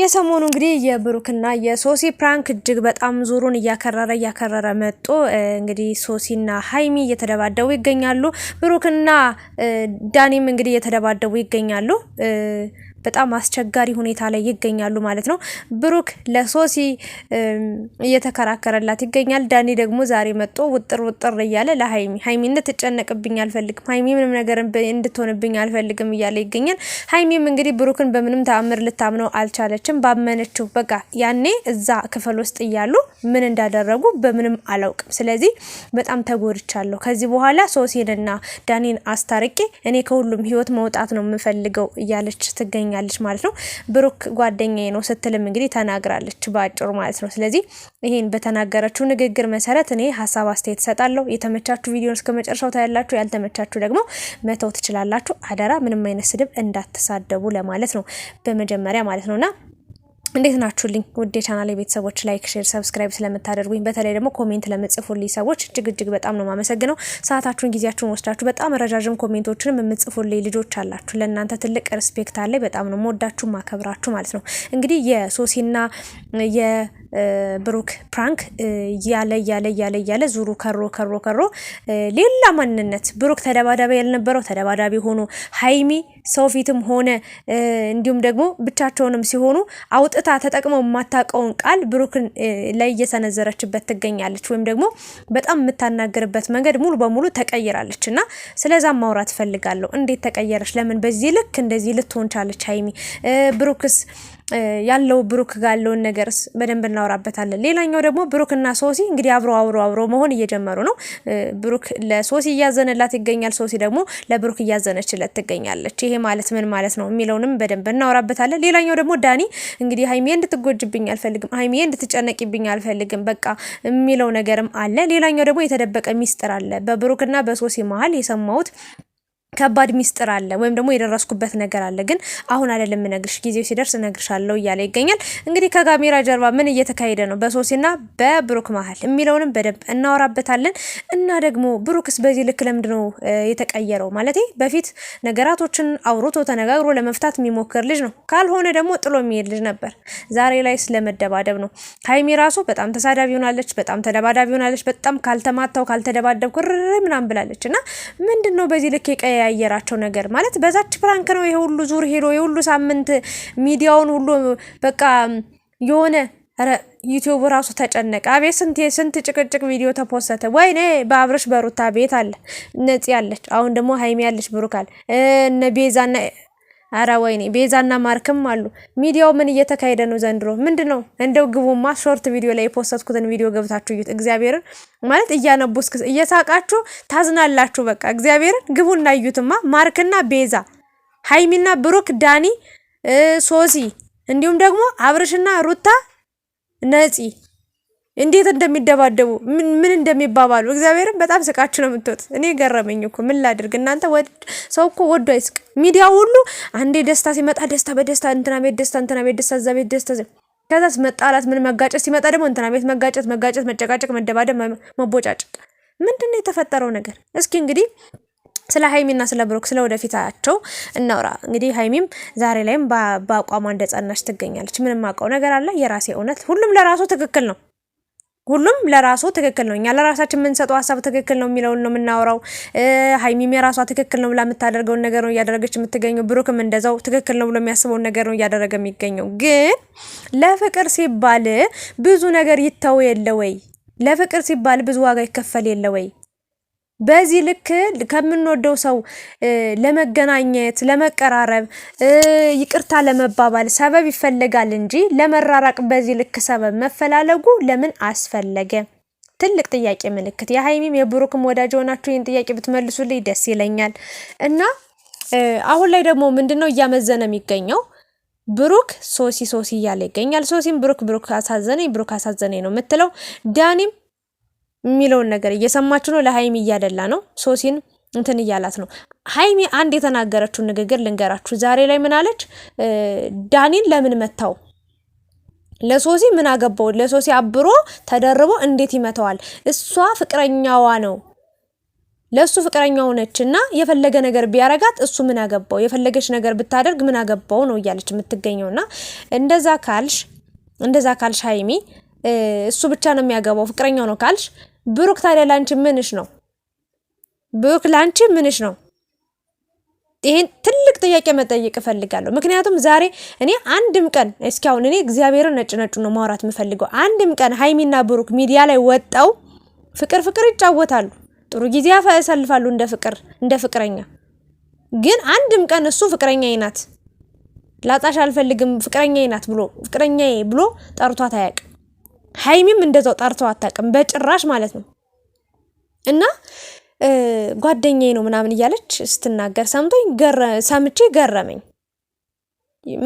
የሰሞኑ እንግዲህ የብሩክና የሶሲ ፕራንክ እጅግ በጣም ዙሩን እያከረረ እያከረረ መጦ እንግዲህ ሶሲና ሀይሚ እየተደባደቡ ይገኛሉ። ብሩክና ዳኒም እንግዲህ እየተደባደቡ ይገኛሉ። በጣም አስቸጋሪ ሁኔታ ላይ ይገኛሉ ማለት ነው። ብሩክ ለሶሲ እየተከራከረላት ይገኛል። ዳኒ ደግሞ ዛሬ መጥቶ ውጥር ውጥር እያለ ለሀይሚ ሀይሚ እንድትጨነቅብኝ አልፈልግም፣ ሀይሚ ምንም ነገር እንድትሆንብኝ አልፈልግም እያለ ይገኛል። ሀይሚም እንግዲህ ብሩክን በምንም ተአምር ልታምነው አልቻለችም። ባመነችው በቃ ያኔ እዛ ክፍል ውስጥ እያሉ ምን እንዳደረጉ በምንም አላውቅም። ስለዚህ በጣም ተጎድቻለሁ። ከዚህ በኋላ ሶሲንና ዳኒን አስታርቄ እኔ ከሁሉም ህይወት መውጣት ነው የምፈልገው እያለች ትገኛል ትገኛለች ማለት ነው። ብሩክ ጓደኛዬ ነው ስትልም እንግዲህ ተናግራለች በአጭሩ ማለት ነው። ስለዚህ ይሄን በተናገረችው ንግግር መሰረት እኔ ሀሳብ አስተያየት እሰጣለሁ። የተመቻችሁ ቪዲዮን እስከ መጨረሻው ታያላችሁ፣ ያልተመቻችሁ ደግሞ መተው ትችላላችሁ። አደራ ምንም አይነት ስድብ እንዳትሳደቡ ለማለት ነው በመጀመሪያ ማለት ነውና እንዴት ናችሁልኝ ውድ የቻናሌ ቤተሰቦች፣ ላይክ፣ ሼር፣ ሰብስክራይብ ስለምታደርጉኝ በተለይ ደግሞ ኮሜንት ለምጽፉልኝ ሰዎች እጅግ እጅግ በጣም ነው ማመሰግነው። ሰዓታችሁን ጊዜያችሁን ወስዳችሁ በጣም ረዣዥም ኮሜንቶችንም የምጽፉልኝ ልጆች አላችሁ። ለእናንተ ትልቅ ሪስፔክት አለ በጣም ነው መወዳችሁ ማከብራችሁ ማለት ነው። እንግዲህ የሶሲና የብሩክ ፕራንክ እያለ እያለ እያለ እያለ ዙሩ ከሮ ከሮ ከሮ ሌላ ማንነት ብሩክ ተደባዳቢ ያልነበረው ተደባዳቢ ሆኖ ሀይሚ ሰው ፊትም ሆነ እንዲሁም ደግሞ ብቻቸውንም ሲሆኑ አውጥታ ተጠቅመው የማታውቀውን ቃል ብሩክን ላይ እየሰነዘረችበት ትገኛለች። ወይም ደግሞ በጣም የምታናገርበት መንገድ ሙሉ በሙሉ ተቀይራለች እና ስለዛም ማውራት ፈልጋለሁ። እንዴት ተቀየረች? ለምን በዚህ ልክ እንደዚህ ልትሆን ቻለች? ሀይሚ ብሩክስ ያለው ብሩክ ጋር ያለውን ነገር በደንብ እናወራበታለን። ሌላኛው ደግሞ እና ሶሲ እንግዲህ አብሮ አብሮ አብሮ መሆን እየጀመሩ ነው። ብሩክ ለሶሲ እያዘነላት ይገኛል። ሶሲ ደግሞ ለብሩክ እያዘነችለት ትገኛለች። ይሄ ማለት ምን ማለት ነው የሚለውንም በደንብ እናወራበታለን። ሌላኛው ደግሞ ዳኒ እንግዲህ ሀይሜ እንድትጎጅብኝ አልፈልግም፣ ሀይሜ እንድትጨነቂብኝ አልፈልግም በቃ የሚለው ነገርም አለ። ሌላኛው ደግሞ የተደበቀ ሚስጥር አለ በብሩክና በሶሲ መሀል የሰማሁት ከባድ ሚስጥር አለ ወይም ደግሞ የደረስኩበት ነገር አለ፣ ግን አሁን አይደለም የምነግርሽ፣ ጊዜው ሲደርስ እነግርሻለሁ እያለ ይገኛል። እንግዲህ ከካሜራ ጀርባ ምን እየተካሄደ ነው በሶሲና በብሩክ መሀል የሚለውንም በደንብ እናወራበታለን። እና ደግሞ ብሩክስ በዚህ ልክ ለምንድን ነው የተቀየረው? ማለት በፊት ነገራቶችን አውርቶ ተነጋግሮ ለመፍታት የሚሞክር ልጅ ነው፣ ካልሆነ ደግሞ ጥሎ የሚሄድ ልጅ ነበር። ዛሬ ላይ ስለመደባደብ ነው። ሀይሚ ራሱ በጣም ተሳዳቢ ሆናለች፣ በጣም ተደባዳቢ ሆናለች። በጣም ካልተማታው ካልተደባደብ ምናምን ብላለች። እና ምንድን ነው በዚህ ልክ የቀየ ያየራቸው ነገር ማለት በዛች ፕራንክ ነው የሁሉ ዙር ሄዶ የሁሉ ሳምንት ሚዲያውን ሁሉ በቃ የሆነ ዩቲዩብ ራሱ ተጨነቀ። አቤት ስንት ስንት ጭቅጭቅ ቪዲዮ ተፖሰተ። ወይኔ በአብርሽ በሩታ ቤት አለ ነጽ ያለች፣ አሁን ደግሞ ሀይሚ ያለች ብሩካል እነ ቤዛና አረ ወይኔ ቤዛና ማርክም አሉ። ሚዲያው ምን እየተካሄደ ነው ዘንድሮ? ምንድነው ነው እንደው ግቡማ ሾርት ቪዲዮ ላይ የፖስተትኩትን ቪዲዮ ገብታችሁ እዩት። እግዚአብሔርን ማለት እያነቡ እየሳቃችሁ ታዝናላችሁ። በቃ እግዚአብሔርን ግቡና እዩትማ። ማርክና ቤዛ፣ ሀይሚና ብሩክ፣ ዳኒ፣ ሶሲ እንዲሁም ደግሞ አብርሽና ሩታ ነፂ እንዴት እንደሚደባደቡ ምን እንደሚባባሉ እግዚአብሔርም በጣም ስቃችሁ ነው የምትወጡት። እኔ ገረመኝ እኮ ምን ላድርግ እናንተ። ሰው እኮ ወዶ አይስቅ። ሚዲያ ሁሉ አንዴ ደስታ ሲመጣ ደስታ በደስታ እንትና ቤት ደስታ እንትና ቤት ደስታ እዛ ቤት ደስታ፣ ከዛስ መጣላት ምን መጋጨት ሲመጣ ደግሞ እንትና ቤት መጋጨት መጋጨት፣ መጨቃጨቅ፣ መደባደብ፣ መቦጫጨቅ። ምንድን ነው የተፈጠረው ነገር? እስኪ እንግዲህ ስለ ሀይሚና ስለ ብሩክ ስለ ወደፊታቸው እናውራ። እንግዲህ ሀይሚም ዛሬ ላይም በአቋሟ እንደጸናች ትገኛለች። ምንም አውቀው ነገር አለ የራሴ እውነት፣ ሁሉም ለራሱ ትክክል ነው ሁሉም ለራሱ ትክክል ነው። እኛ ለራሳችን የምንሰጠው ሀሳብ ትክክል ነው የሚለውን ነው የምናወራው። ሀይሚም የራሷ ትክክል ነው ብላ የምታደርገውን ነገር ነው እያደረገች የምትገኘው። ብሩክም እንደዛው ትክክል ነው ብሎ የሚያስበውን ነገር ነው እያደረገ የሚገኘው። ግን ለፍቅር ሲባል ብዙ ነገር ይተው የለ ወይ? ለፍቅር ሲባል ብዙ ዋጋ ይከፈል የለ ወይ? በዚህ ልክ ከምንወደው ሰው ለመገናኘት ለመቀራረብ፣ ይቅርታ ለመባባል ሰበብ ይፈለጋል እንጂ ለመራራቅ በዚህ ልክ ሰበብ መፈላለጉ ለምን አስፈለገ? ትልቅ ጥያቄ ምልክት። የሀይሚም የብሩክም ወዳጅ የሆናችሁ ይህን ጥያቄ ብትመልሱልኝ ደስ ይለኛል። እና አሁን ላይ ደግሞ ምንድን ነው እያመዘነ የሚገኘው? ብሩክ ሶሲ ሶሲ እያለ ይገኛል። ሶሲም ብሩክ ብሩክ አሳዘነኝ፣ ብሩክ አሳዘነኝ ነው የምትለው ዳኒም የሚለውን ነገር እየሰማች ነው። ለሀይሚ እያደላ ነው። ሶሲን እንትን እያላት ነው። ሀይሚ አንድ የተናገረችውን ንግግር ልንገራችሁ። ዛሬ ላይ ምን አለች? ዳኒን ለምን መታው? ለሶሲ ምን አገባው? ለሶሲ አብሮ ተደርቦ እንዴት ይመታዋል? እሷ ፍቅረኛዋ ነው ለእሱ ፍቅረኛው ነች እና የፈለገ ነገር ቢያረጋት እሱ ምን አገባው? የፈለገች ነገር ብታደርግ ምን አገባው ነው እያለች የምትገኘው። እና እንደዛ ካልሽ እንደዛ ካልሽ ሀይሚ እሱ ብቻ ነው የሚያገባው ፍቅረኛው ነው ካልሽ ብሩክ ታዲያ ላንቺ ምንሽ ነው? ብሩክ ላንቺ ምንሽ ነው? ይሄን ትልቅ ጥያቄ መጠየቅ እፈልጋለሁ። ምክንያቱም ዛሬ እኔ አንድም ቀን እስካሁን እኔ እግዚአብሔርን ነጭ ነጩ ነው ማውራት የምፈልገው። አንድም ቀን ሀይሚና ብሩክ ሚዲያ ላይ ወጠው ፍቅር ፍቅር ይጫወታሉ፣ ጥሩ ጊዜ ያሳልፋሉ እንደ ፍቅር እንደ ፍቅረኛ። ግን አንድም ቀን እሱ ፍቅረኛ ናት ላጣሽ አልፈልግም ፍቅረኛ ናት ብሎ ፍቅረኛ ብሎ ጠርቷት አያውቅም። ሀይሚም እንደዛው ጠርተው አታውቅም በጭራሽ ማለት ነው። እና ጓደኛዬ ነው ምናምን እያለች ስትናገር ሰምቶኝ ሰምቼ ገረመኝ።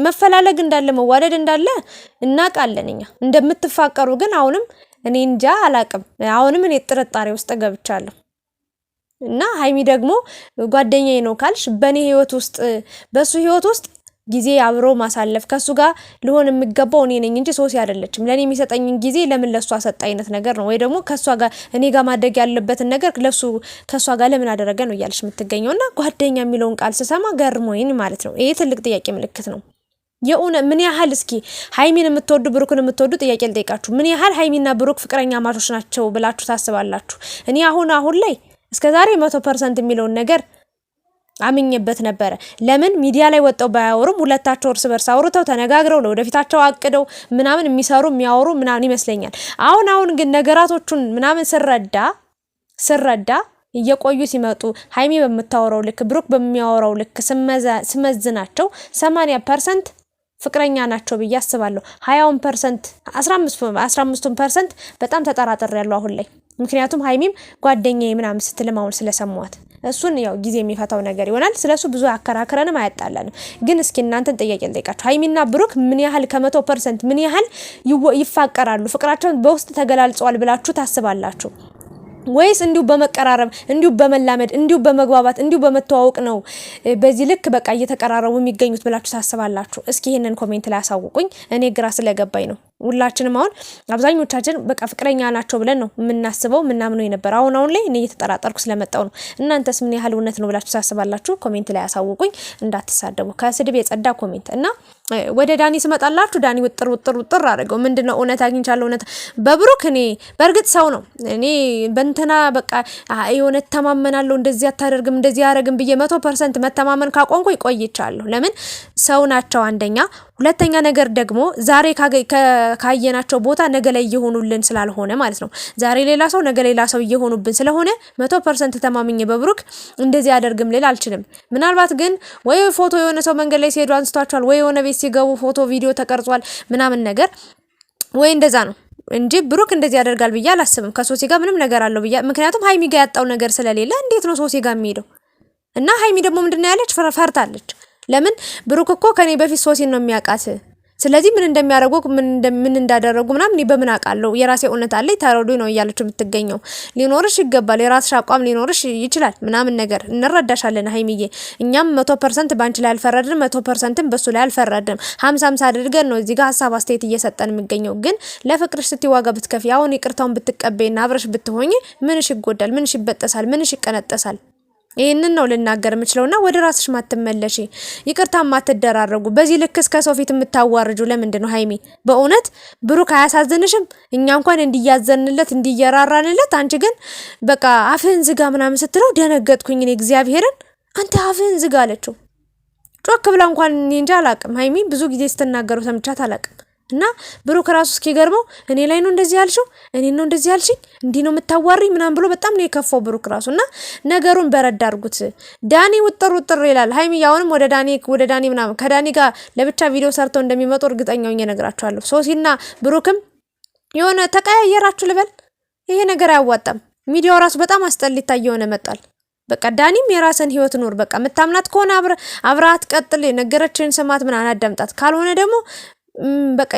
መፈላለግ እንዳለ መዋደድ እንዳለ እናውቃለን እኛ እንደምትፋቀሩ ግን አሁንም እኔ እንጃ አላውቅም። አሁንም እኔ ጥርጣሬ ውስጥ ገብቻለሁ። እና ሀይሚ ደግሞ ጓደኛዬ ነው ካልሽ በእኔ ህይወት ውስጥ በእሱ ህይወት ውስጥ ጊዜ አብሮ ማሳለፍ ከሱ ጋር ልሆን የሚገባው እኔ ነኝ እንጂ ሶሲ አይደለችም። ለእኔ የሚሰጠኝን ጊዜ ለምን ለሱ አሰጠ አይነት ነገር ነው። ወይ ደግሞ ከሷ ጋር እኔ ጋር ማድረግ ያለበትን ነገር ለሱ ከሷ ጋር ለምን አደረገ ነው እያለች የምትገኘው። እና ጓደኛ የሚለውን ቃል ስሰማ ገርሞኝ ማለት ነው። ይሄ ትልቅ ጥያቄ ምልክት ነው። የእውነት ምን ያህል እስኪ ሀይሚን የምትወዱ ብሩክን የምትወዱ ጥያቄ ልጠይቃችሁ። ምን ያህል ሀይሚና ብሩክ ፍቅረኛ ማቾች ናቸው ብላችሁ ታስባላችሁ? እኔ አሁን አሁን ላይ እስከዛሬ መቶ ፐርሰንት የሚለውን ነገር አምኜበት ነበረ። ለምን ሚዲያ ላይ ወጣው ባያወሩም ሁለታቸው እርስ በርስ አውርተው ተነጋግረው ለወደፊታቸው አቅደው ምናምን የሚሰሩ የሚያወሩ ምናምን ይመስለኛል። አሁን አሁን ግን ነገራቶቹን ምናምን ስረዳ ስረዳ እየቆዩ ሲመጡ ሀይሚ በምታወራው ልክ ብሩክ በሚያወራው ልክ ስመዝናቸው 80 ፐርሰንት ፍቅረኛ ናቸው ብዬ አስባለሁ። ሀያውን ፐርሰንት አስራ አምስቱን ፐርሰንት በጣም ተጠራጠር ያለው አሁን ላይ ምክንያቱም ሀይሚም ጓደኛ ምናምን ስትልም አሁን ስለሰሟት እሱን ያው ጊዜ የሚፈታው ነገር ይሆናል። ስለሱ ብዙ አከራክረንም አያጣላንም። ግን እስኪ እናንተን ጥያቄ እንጠይቃችሁ። ሀይሚና ብሩክ ምን ያህል ከመቶ ፐርሰንት ምን ያህል ይፋቀራሉ? ፍቅራቸውን በውስጥ ተገላልጸዋል ብላችሁ ታስባላችሁ? ወይስ እንዲሁ በመቀራረብ እንዲሁ በመላመድ እንዲሁ በመግባባት እንዲሁ በመተዋወቅ ነው በዚህ ልክ በቃ እየተቀራረቡ የሚገኙት ብላችሁ ታስባላችሁ? እስኪ ይህንን ኮሜንት ላይ አሳውቁኝ። እኔ ግራ ስለገባኝ ነው። ሁላችንም አሁን አብዛኞቻችን በቃ ፍቅረኛ ናቸው ብለን ነው የምናስበው የምናምነው የነበር። አሁን አሁን ላይ እኔ እየተጠራጠርኩ ስለመጣው ነው። እናንተስ ምን ያህል እውነት ነው ብላችሁ ታስባላችሁ? ኮሜንት ላይ ያሳውቁኝ። እንዳትሳደቡ፣ ከስድብ የጸዳ ኮሜንት እና ወደ ዳኒ ስመጣላችሁ ዳኒ ውጥር ውጥር ውጥር አድርገው ምንድነው እውነት አግኝቻለሁ። እውነት በብሩክ እኔ በእርግጥ ሰው ነው እኔ በእንትና በቃ የሆነ ተማመናለሁ። እንደዚህ አታደርግም እንደዚህ ያደረግም ብዬ መቶ ፐርሰንት መተማመን ካቆንኩ ይቆይቻለሁ። ለምን ሰው ናቸው አንደኛ። ሁለተኛ ነገር ደግሞ ዛሬ ካየናቸው ቦታ ነገ ላይ እየሆኑልን ስላልሆነ ማለት ነው። ዛሬ ሌላ ሰው ነገ ሌላ ሰው እየሆኑብን ስለሆነ መቶ ፐርሰንት ተማምኜ በብሩክ እንደዚህ አደርግም ልል አልችልም። ምናልባት ግን ወይ ፎቶ የሆነ ሰው መንገድ ላይ ሲሄዱ አንስቷቸዋል፣ ወይ የሆነ ቤት ሲገቡ ፎቶ ቪዲዮ ተቀርጿል ምናምን ነገር ወይ እንደዛ ነው እንጂ ብሩክ እንደዚህ ያደርጋል ብዬ አላስብም። ከሶሲ ጋር ምንም ነገር አለው ብዬ ምክንያቱም ሀይሚ ጋር ያጣው ነገር ስለሌለ እንዴት ነው ሶሲ ጋር የሚሄደው? እና ሀይሚ ደግሞ ምንድነው ያለች? ፈርታለች። ለምን ብሩክ እኮ ከኔ በፊት ሶሲን ነው የሚያውቃት ስለዚህ ምን እንደሚያደርጉ ምን እንዳደረጉ ምናምን እኔ በምን አውቃለሁ? የራሴ እውነት አለኝ፣ ተረዱኝ ነው እያለች የምትገኘው። ሊኖርሽ ይገባል፣ የራስሽ አቋም ሊኖርሽ ይችላል ምናምን ነገር እንረዳሻለን ሀይሚዬ። እኛም መቶ ፐርሰንት በአንቺ ላይ አልፈረድም፣ መቶ ፐርሰንትም በሱ ላይ አልፈረድም። ሀምሳ ሀምሳ አድርገን ነው እዚህ ጋር ሀሳብ አስተያየት እየሰጠን የሚገኘው። ግን ለፍቅርሽ ስትዋጋ ብትከፊ፣ አሁን ይቅርታውን ብትቀበይና አብረሽ ብትሆኝ ምንሽ ይጎዳል? ምንሽ ይበጠሳል? ምንሽ ይቀነጠሳል? ይህንን ነው ልናገር የምችለውና ወደ ራስሽ ማትመለሽ ይቅርታ ማትደራረጉ በዚህ ልክ እስከ ሰው ፊት የምታዋርጁ ለምንድን ነው ሀይሚ? በእውነት ብሩክ አያሳዝንሽም? እኛ እንኳን እንዲያዘንለት እንዲየራራንለት፣ አንቺ ግን በቃ አፍህን ዝጋ ምናምን ስትለው ደነገጥኩኝ እኔ እግዚአብሔርን። አንተ አፍህን ዝጋ አለችው። ጮክ ብላ እንኳን እኔ እንጃ አላቅም። ሀይሚ ብዙ ጊዜ ስትናገረው ሰምቻት አላቅም። እና ብሩክ ራሱ እስኪገርመው እኔ ላይ ነው እንደዚህ ያልሽው፣ እኔ ነው እንደዚህ ያልሽኝ፣ እንዲህ ነው የምታዋሪኝ ምናምን ብሎ በጣም ነው የከፋው ብሩክ ራሱ። እና ነገሩን በረድ አድርጉት። ዳኒ ውጥር ውጥር ይላል። ሀይሚ ያውንም ወደ ዳኒ ወደ ዳኒ ምናምን ከዳኒ ጋር ለብቻ ቪዲዮ ሰርተው እንደሚመጡ እርግጠኛ ሆኜ እነግራቸዋለሁ። ሶሲና ብሩክም የሆነ ተቀያየራችሁ ልበል። ይሄ ነገር አያዋጣም። ሚዲያው ራሱ በጣም አስጠሊታ ሆነ መጣል። በቃ ዳኒም የራስን ህይወት ኑር። በቃ ምታምናት ከሆነ አብራት ቀጥል፣ የነገረችን ስማት ምን አዳምጣት። ካልሆነ ደግሞ በቃ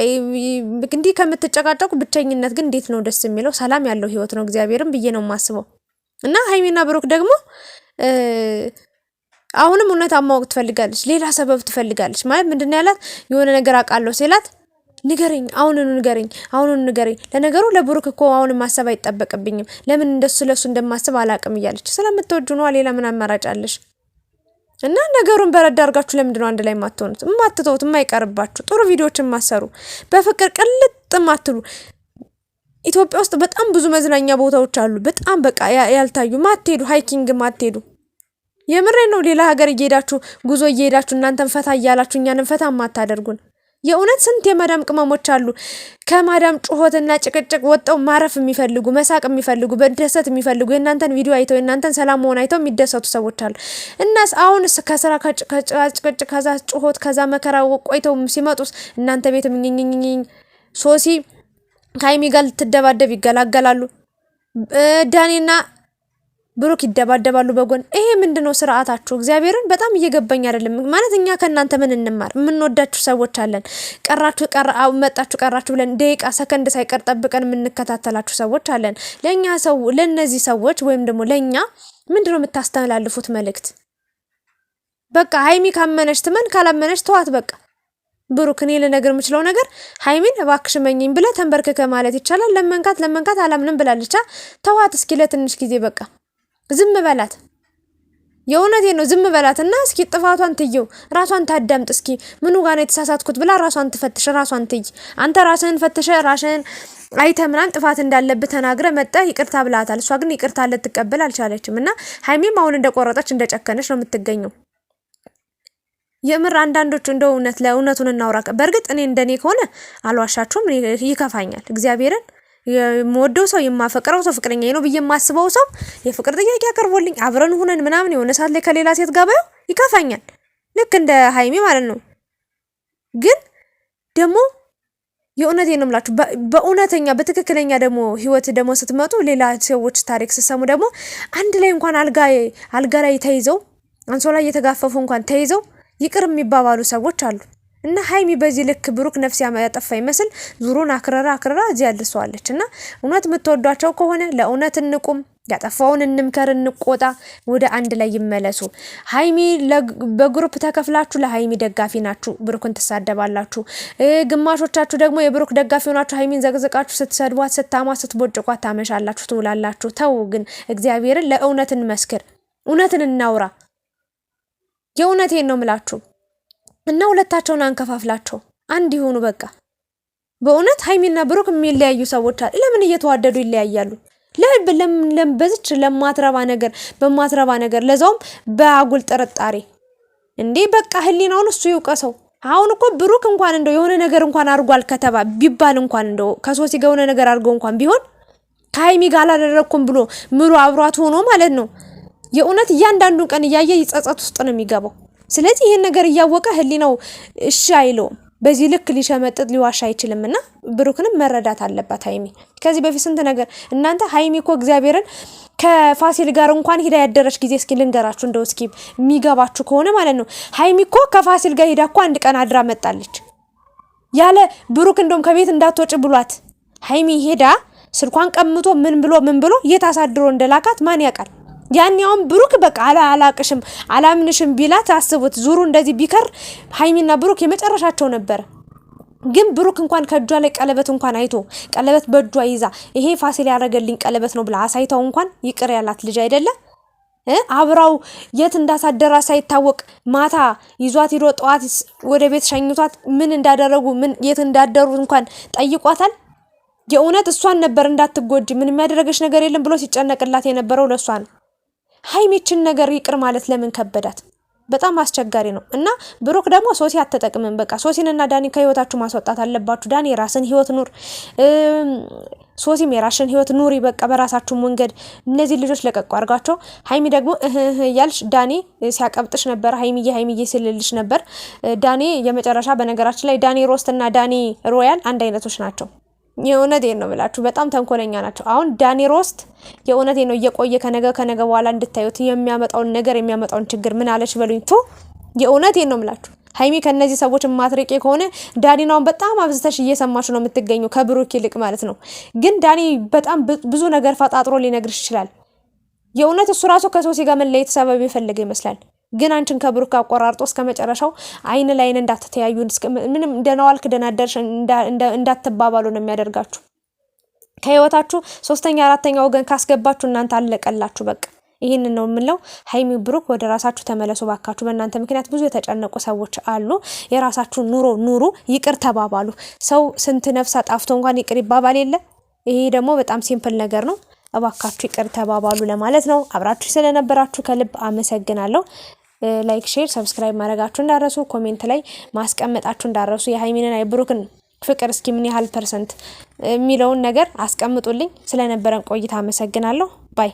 እንዲህ ከምትጨቃጨቁ ብቸኝነት ግን እንዴት ነው ደስ የሚለው? ሰላም ያለው ህይወት ነው እግዚአብሔርም ብዬ ነው የማስበው። እና ሀይሚና ብሩክ ደግሞ አሁንም እውነት ማወቅ ትፈልጋለች። ሌላ ሰበብ ትፈልጋለች። ማለት ምንድን ያላት የሆነ ነገር አውቃለሁ ሲላት ንገረኝ፣ አሁንኑ ንገረኝ፣ አሁንኑ ንገረኝ። ለነገሩ ለብሩክ እኮ አሁን ማሰብ አይጠበቅብኝም፣ ለምን እንደሱ ለሱ እንደማስብ አላቅም እያለች ስለምትወጁ ነዋ። ሌላ ምን አማራጭ አለሽ? እና ነገሩን በረዳ አድርጋችሁ ለምንድነው አንድ ላይ የማትሆኑት? የማትተውት የማይቀርባችሁ ጥሩ ቪዲዮዎች የማሰሩ በፍቅር ቅልጥ ማትሉ ኢትዮጵያ ውስጥ በጣም ብዙ መዝናኛ ቦታዎች አሉ። በጣም በቃ ያልታዩ ማትሄዱ፣ ሃይኪንግ ማትሄዱ የምሬ ነው። ሌላ ሀገር እየሄዳችሁ ጉዞ እየሄዳችሁ እናንተን ፈታ እያላችሁ እኛንም ፈታ ማታደርጉን የእውነት ስንት የማዳም ቅመሞች አሉ ከማዳም ጩኸትና ጭቅጭቅ ወጠው ማረፍ የሚፈልጉ መሳቅ የሚፈልጉ በደሰት የሚፈልጉ የእናንተን ቪዲዮ አይተው የእናንተን ሰላም መሆን አይተው የሚደሰቱ ሰዎች አሉ። እናስ አሁንስ ከስራ ከጭቅጭቅ ከዛ ጩኸት ከዛ መከራ ቆይተው ሲመጡስ እናንተ ቤት ምኝኝኝኝ ሶሲ ከሀይሚ ጋር ልትደባደብ ይገላገላሉ። ዳኔና ብሩክ ይደባደባሉ በጎን። ይሄ ምንድነው ስርዓታችሁ? እግዚአብሔርን በጣም እየገባኝ አይደለም። ማለት እኛ ከእናንተ ምን እንማር? የምንወዳችሁ ሰዎች አለን። ቀራችሁ መጣችሁ ቀራችሁ ብለን ደቂቃ ሰከንድ ሳይቀር ጠብቀን የምንከታተላችሁ ሰዎች አለን። ለእኛ ሰው ለእነዚህ ሰዎች ወይም ደግሞ ለእኛ ምንድነው የምታስተላልፉት መልእክት? በቃ ሀይሚ ካመነች ትመን፣ ካላመነች ተዋት በቃ። ብሩክ እኔ ልነግር የምችለው ነገር ሀይሚን እባክሽ መኝኝ ብለ ተንበርክከ ማለት ይቻላል። ለመንካት ለመንካት አላምንም ብላለቻ። ተዋት እስኪ ለትንሽ ጊዜ በቃ። ዝም በላት። የእውነቴ ነው። ዝም እና እስኪ ጥፋቷን ትየው፣ ራሷን ታዳምጥ። እስኪ ምኑ ጋር ነው የተሳሳትኩት ብላ ራሷን ትፈትሽ፣ ራሷን ትይ። አንተ ራስህን ፈትሸ ራስህን አይተ ምናምን ጥፋት እንዳለብህ ተናግረ መጠ ይቅርታ ብላታል። እሷ ግን ይቅርታ ልትቀበል አልቻለችም። እና ሀይሜም አሁን እንደቆረጠች እንደጨከነች ነው የምትገኘው። የምር አንዳንዶች እንደ እውነት ለእውነቱን እናውራ። በእርግጥ እኔ እንደኔ ከሆነ አልዋሻችሁም፣ ይከፋኛል እግዚአብሔርን የምወደው ሰው የማፈቅረው ሰው ፍቅረኛ ነው ብዬ የማስበው ሰው የፍቅር ጥያቄ አቅርቦልኝ አብረን ሁነን ምናምን የሆነ ሰዓት ላይ ከሌላ ሴት ጋር ባየው ይከፋኛል። ልክ እንደ ሀይሜ ማለት ነው። ግን ደግሞ የእውነት ነው የምላችሁ። በእውነተኛ በትክክለኛ ደግሞ ህይወት ደግሞ ስትመጡ ሌላ ሰዎች ታሪክ ስትሰሙ ደግሞ አንድ ላይ እንኳን አልጋ ላይ ተይዘው አንሶላ እየተጋፈፉ እንኳን ተይዘው ይቅር የሚባባሉ ሰዎች አሉ። እና ሀይሚ በዚህ ልክ ብሩክ ነፍስ ያጠፋ ይመስል ዙሩን አክረራ አክረራ እዚህ ያድርሰዋለች። እና እውነት የምትወዷቸው ከሆነ ለእውነት እንቁም፣ ያጠፋውን እንምከር፣ እንቆጣ፣ ወደ አንድ ላይ ይመለሱ። ሀይሚ በግሩፕ ተከፍላችሁ ለሀይሚ ደጋፊ ናችሁ፣ ብሩክን ትሳደባላችሁ። ግማሾቻችሁ ደግሞ የብሩክ ደጋፊ ሆናችሁ ሀይሚን ዘቅዝቃችሁ ስትሰድቧት፣ ስታማ፣ ስትቦጭቋት ታመሻላችሁ፣ ትውላላችሁ። ተው ግን እግዚአብሔርን ለእውነት እንመስክር፣ እውነትን እናውራ። የእውነቴን ነው ምላችሁ እና ሁለታቸውን አንከፋፍላቸው አንድ ይሆኑ በቃ። በእውነት ሀይሚና ብሩክ የሚለያዩ ሰዎች አሉ። ለምን እየተዋደዱ ይለያያሉ? በዚች ለማትረባ ነገር በማትረባ ነገር ለዛውም በአጉል ጥርጣሬ እንዴ! በቃ ህሊናውን እሱ ይውቀሰው። አሁን እኮ ብሩክ እንኳን እንደው የሆነ ነገር እንኳን አድርጓል ከተባ ቢባል እንኳን እንደው ከሶሲ ጋር የሆነ ነገር አድርጎ እንኳን ቢሆን ከሀይሚ ጋር አላደረግኩም ብሎ ምሩ አብሯት ሆኖ ማለት ነው። የእውነት እያንዳንዱን ቀን እያየ ይጸጸት ውስጥ ነው የሚገባው። ስለዚህ ይህን ነገር እያወቀ ህሊናው እሺ አይለውም። በዚህ ልክ ሊሸመጥጥ ሊዋሽ አይችልም። እና ብሩክንም መረዳት አለባት ሀይሚ። ከዚህ በፊት ስንት ነገር እናንተ ሀይሚ እኮ እግዚአብሔርን ከፋሲል ጋር እንኳን ሂዳ ያደረች ጊዜ እስኪ ልንገራችሁ፣ እንደው እስኪ የሚገባችሁ ከሆነ ማለት ነው። ሀይሚ እኮ ከፋሲል ጋር ሂዳ እኮ አንድ ቀን አድራ መጣለች ያለ ብሩክ እንደውም ከቤት እንዳትወጭ ብሏት ሀይሚ ሄዳ ስልኳን ቀምቶ ምን ብሎ ምን ብሎ የት አሳድሮ እንደላካት ማን ያውቃል? ያውም ብሩክ በቃ አላቅሽም አላምንሽም ቢላት አስቡት። ዙሩ እንደዚህ ቢከር ሀይሚና ብሩክ የመጨረሻቸው ነበር። ግን ብሩክ እንኳን ከእጇ ላይ ቀለበት እንኳን አይቶ ቀለበት በእጇ ይዛ ይሄ ፋሲል ያደረገልኝ ቀለበት ነው ብላ አሳይታው እንኳን ይቅር ያላት ልጅ አይደለም። አብራው የት እንዳሳደራ ሳይታወቅ ማታ ይዟት ሂዶ ጠዋት ወደ ቤት ሸኝቷት ምን እንዳደረጉ ምን የት እንዳደሩ እንኳን ጠይቋታል። የእውነት እሷን ነበር እንዳትጎጅ ምን የሚያደረገች ነገር የለም ብሎ ሲጨነቅላት የነበረው ለእሷ ነው። ሀይሜችን ነገር ይቅር ማለት ለምን ከበዳት? በጣም አስቸጋሪ ነው እና ብሩክ ደግሞ ሶሲ አትጠቅምም። በቃ እና ዳኒ ከህይወታችሁ ማስወጣት አለባችሁ። ዳኒ የራስን ህይወት ኑር፣ ሶሲም የራስሽን ህይወት ኑሪ። በቃ በራሳችሁ መንገድ እነዚህ ልጆች ለቀቁ አድርጋቸው። ሀይሚ ደግሞ እያልሽ ዳኒ ሲያቀብጥሽ ነበር፣ ሀይሚዬ ሀይሚዬ ሲልልሽ ነበር። ዳኒ የመጨረሻ በነገራችን ላይ ዳኒ ሮስት እና ዳኒ ሮያል አንድ አይነቶች ናቸው። የእውነቴን ነው ብላችሁ በጣም ተንኮለኛ ናቸው። አሁን ዳኒ ሮስት የእውነቴ ነው እየቆየ ከነገ ከነገ በኋላ እንድታዩት የሚያመጣውን ነገር የሚያመጣውን ችግር ምን አለች በሉኝ ቶ የእውነቴን ነው የምላችሁ ሀይሚ ከነዚህ ሰዎች ማትረቂ ከሆነ ዳኒናውን በጣም አብዝተሽ እየሰማች ነው የምትገኙ ከብሩክ ይልቅ ማለት ነው። ግን ዳኒ በጣም ብዙ ነገር ፈጣጥሮ ሊነግርሽ ይችላል። የእውነት እሱ ራሱ ከሶሲ ጋር መለየት ሰበብ ይመስላል። ግን አንቺን ከብሩክ አቆራርጦ እስከ መጨረሻው አይን ላይን እንዳትተያዩ ምንም እንደነዋልክ ደናደርሽ እንዳትባባሉ ነው የሚያደርጋችሁ። ከህይወታችሁ ሶስተኛ አራተኛ ወገን ካስገባችሁ እናንተ አለቀላችሁ በቃ። ይህንን ነው የምለው። ሀይሚ ብሩክ፣ ወደ ራሳችሁ ተመለሱ ባካችሁ። በእናንተ ምክንያት ብዙ የተጨነቁ ሰዎች አሉ። የራሳችሁ ኑሮ ኑሩ፣ ይቅር ተባባሉ። ሰው ስንት ነፍስ አጣፍቶ እንኳን ይቅር ይባባል የለ። ይሄ ደግሞ በጣም ሲምፕል ነገር ነው። እባካችሁ ይቅር ተባባሉ ለማለት ነው። አብራችሁ ስለነበራችሁ ከልብ አመሰግናለሁ። ላይክ፣ ሼር፣ ሰብስክራይብ ማድረጋችሁ እንዳረሱ፣ ኮሜንት ላይ ማስቀመጣችሁ እንዳረሱ። የሀይሚንና የብሩክን ፍቅር እስኪ ምን ያህል ፐርሰንት የሚለውን ነገር አስቀምጡልኝ። ስለነበረን ቆይታ አመሰግናለሁ ባይ